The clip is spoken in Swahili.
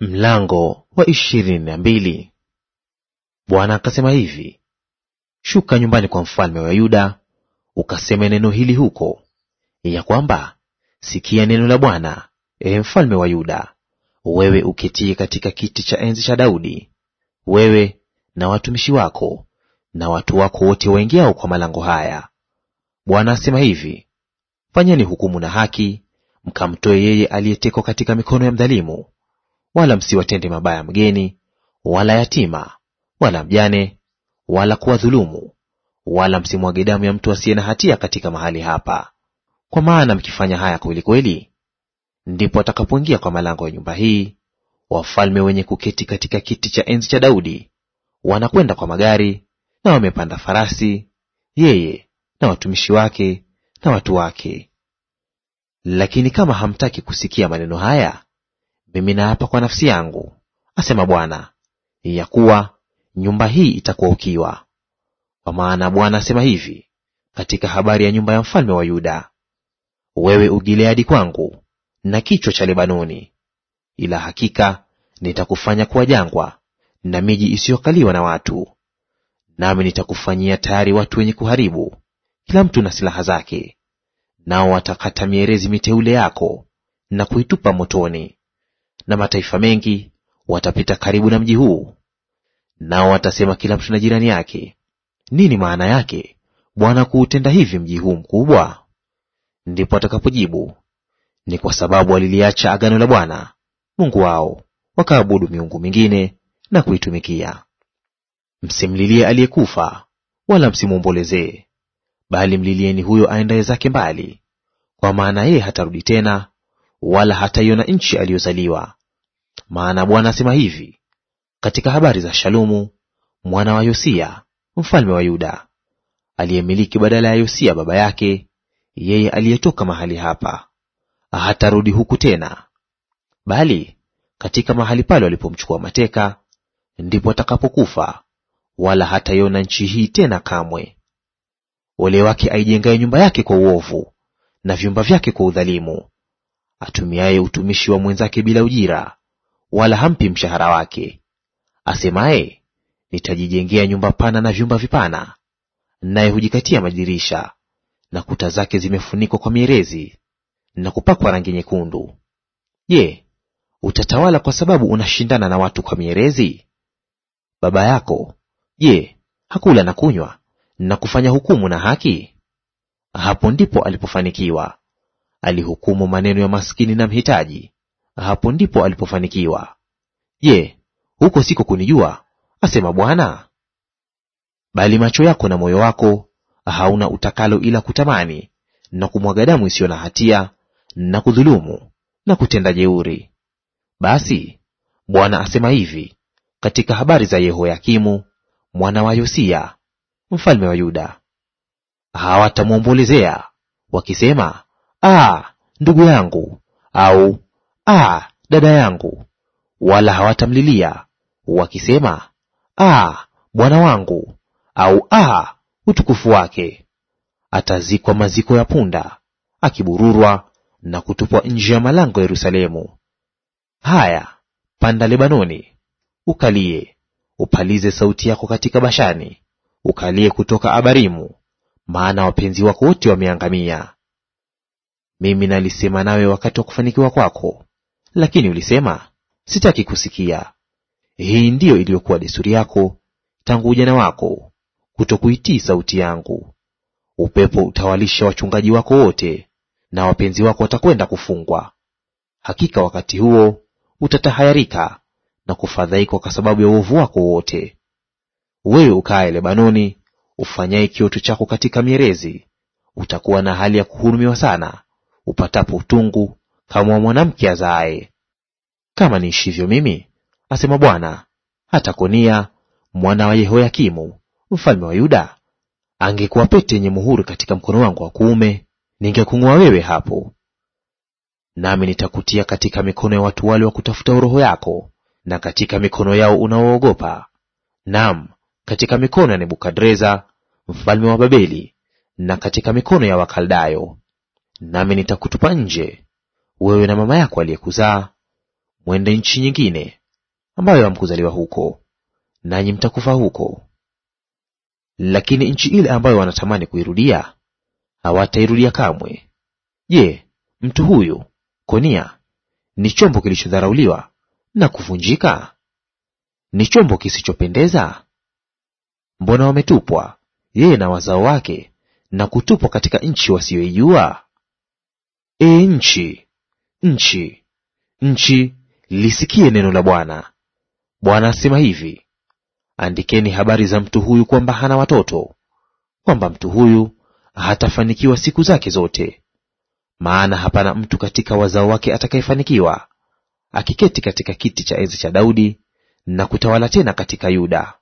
Mlango wa ishirini na mbili. Bwana akasema hivi, shuka nyumbani kwa mfalme wa Yuda ukaseme neno hili huko, ya kwamba sikia neno la Bwana, ee mfalme wa Yuda, wewe uketie katika kiti cha enzi cha Daudi, wewe na watumishi wako na watu wako wote waingiao kwa malango haya. Bwana asema hivi, fanyeni hukumu na haki, mkamtoe yeye aliyetekwa katika mikono ya mdhalimu wala msiwatende mabaya mgeni, wala yatima, wala mjane, wala kuwadhulumu, wala msimwage damu ya mtu asiye na hatia katika mahali hapa. Kwa maana mkifanya haya kweli kweli, ndipo atakapoingia kwa malango ya nyumba hii wafalme wenye kuketi katika kiti cha enzi cha Daudi, wanakwenda kwa magari na wamepanda farasi, yeye na watumishi wake na watu wake. Lakini kama hamtaki kusikia maneno haya, mimi naapa kwa nafsi yangu, asema Bwana, ya kuwa nyumba hii itakuwa ukiwa. Kwa maana Bwana asema hivi katika habari ya nyumba ya mfalme wa Yuda, wewe ugileadi kwangu na kichwa cha Lebanoni, ila hakika nitakufanya kuwa jangwa na miji isiyokaliwa na watu, nami nitakufanyia tayari watu wenye kuharibu, kila mtu na silaha zake, nao watakata mierezi miteule yako na kuitupa motoni na mataifa mengi watapita karibu na mji huu, nao watasema kila mtu na jirani yake, nini maana yake Bwana kuutenda hivi mji huu mkubwa? Ndipo atakapojibu, ni kwa sababu waliliacha agano la Bwana Mungu wao, wakaabudu miungu mingine na kuitumikia. Msimlilie aliyekufa, wala msimwombolezee, bali mlilieni huyo aendaye zake mbali, kwa maana yeye hatarudi tena, wala hataiona nchi aliyozaliwa. Maana Bwana asema hivi katika habari za Shalumu mwana wa Yosia mfalme wa Yuda, aliyemiliki badala ya Yosia baba yake, yeye aliyetoka mahali hapa; hatarudi huku tena, bali katika mahali pale walipomchukua mateka ndipo atakapokufa, wala hataiona nchi hii tena kamwe. Ole wake aijengaye nyumba yake kwa uovu, na vyumba vyake kwa udhalimu, atumiaye utumishi wa mwenzake bila ujira, wala hampi mshahara wake, asemaye, nitajijengea nyumba pana na vyumba vipana, naye hujikatia madirisha, na kuta zake zimefunikwa kwa mierezi na kupakwa rangi nyekundu. Je, utatawala kwa sababu unashindana na watu kwa mierezi? Baba yako je, hakula na kunywa na kufanya hukumu na haki? Hapo ndipo alipofanikiwa; alihukumu maneno ya maskini na mhitaji, hapo ndipo alipofanikiwa. Je, huko siko kunijua? asema Bwana. Bali macho yako na moyo wako hauna utakalo ila kutamani na kumwaga damu isiyo na hatia na kudhulumu na kutenda jeuri. Basi Bwana asema hivi katika habari za Yehoyakimu mwana wa Yosia mfalme wa Yuda, hawatamwombolezea wakisema, ah, ndugu yangu, au Ah, dada yangu, wala hawatamlilia wakisema, Ah, bwana wangu, au ah, utukufu wake. Atazikwa maziko ya punda, akibururwa na kutupwa nje ya malango ya Yerusalemu. Haya, panda Lebanoni, ukalie, upalize sauti yako katika Bashani, ukalie kutoka Abarimu, maana wapenzi wako wote wameangamia. Mimi nalisema nawe wakati wa kufanikiwa kwako, lakini ulisema, sitaki kusikia. Hii ndiyo iliyokuwa desturi yako tangu ujana wako, kutokuitii sauti yangu. Upepo utawalisha wachungaji wako wote, na wapenzi wako watakwenda kufungwa. Hakika wakati huo utatahayarika na kufadhaikwa kwa sababu ya uovu wako wote. Wewe ukaye Lebanoni, ufanyaye kioto chako katika mierezi, utakuwa na hali ya kuhurumiwa sana, upatapo utungu kama wa mwanamke azaaye kama niishivyo mimi, asema Bwana, hata Konia mwana wa Yehoyakimu mfalme wa Yuda angekuwa pete yenye muhuri katika mkono wangu wa kuume, ningekung'oa wewe hapo. Nami nitakutia katika mikono ya watu wale wa kutafuta roho yako, na katika mikono yao unaoogopa, nam katika mikono ya Nebukadreza mfalme wa Babeli, na katika mikono ya Wakaldayo. Nami nitakutupa nje, wewe na mama yako aliyekuzaa, mwende nchi nyingine ambayo hamkuzaliwa huko, nanyi mtakufa huko. Lakini nchi ile ambayo wanatamani kuirudia hawatairudia kamwe. Je, mtu huyu Konia ni chombo kilichodharauliwa na kuvunjika? Ni chombo kisichopendeza? Mbona wametupwa yeye na wazao wake na kutupwa katika nchi wasiyoijua? E nchi, nchi, nchi, lisikie neno la Bwana. Bwana asema hivi, andikeni habari za mtu huyu kwamba hana watoto, kwamba mtu huyu hatafanikiwa siku zake zote. Maana hapana mtu katika wazao wake atakayefanikiwa, akiketi katika kiti cha enzi cha Daudi na kutawala tena katika Yuda.